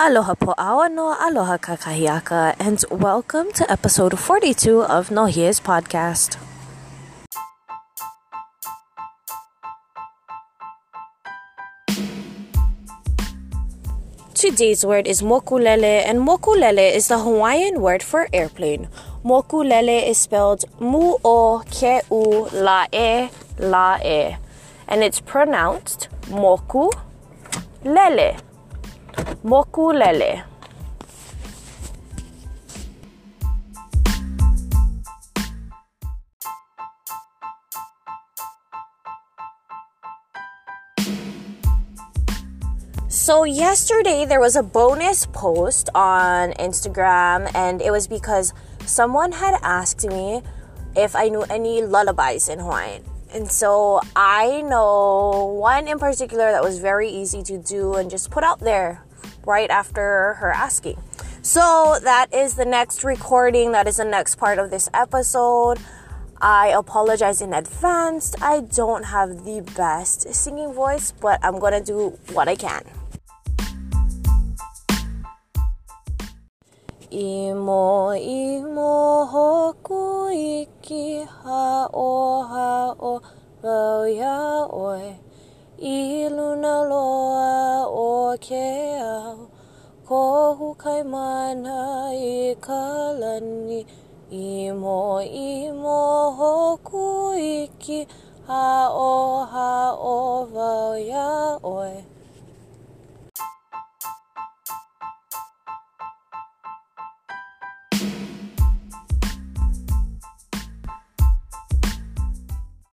Aloha po'awa no aloha kakahiaka, and welcome to episode 42 of Nohie's podcast. Today's word is mokulele, and mokulele is the Hawaiian word for airplane. Mokulele is spelled mu o ke u la e la e, and it's pronounced moku lele. Mokulele. So, yesterday there was a bonus post on Instagram, and it was because someone had asked me if I knew any lullabies in Hawaiian. And so I know one in particular that was very easy to do and just put out there right after her asking. So that is the next recording, that is the next part of this episode. I apologize in advance. I don't have the best singing voice, but I'm gonna do what I can. Imo imo hoku iki ha o lau ia oe i luna loa o ke au kohu kai mana i ka lani i mo i mo hoku iki a oe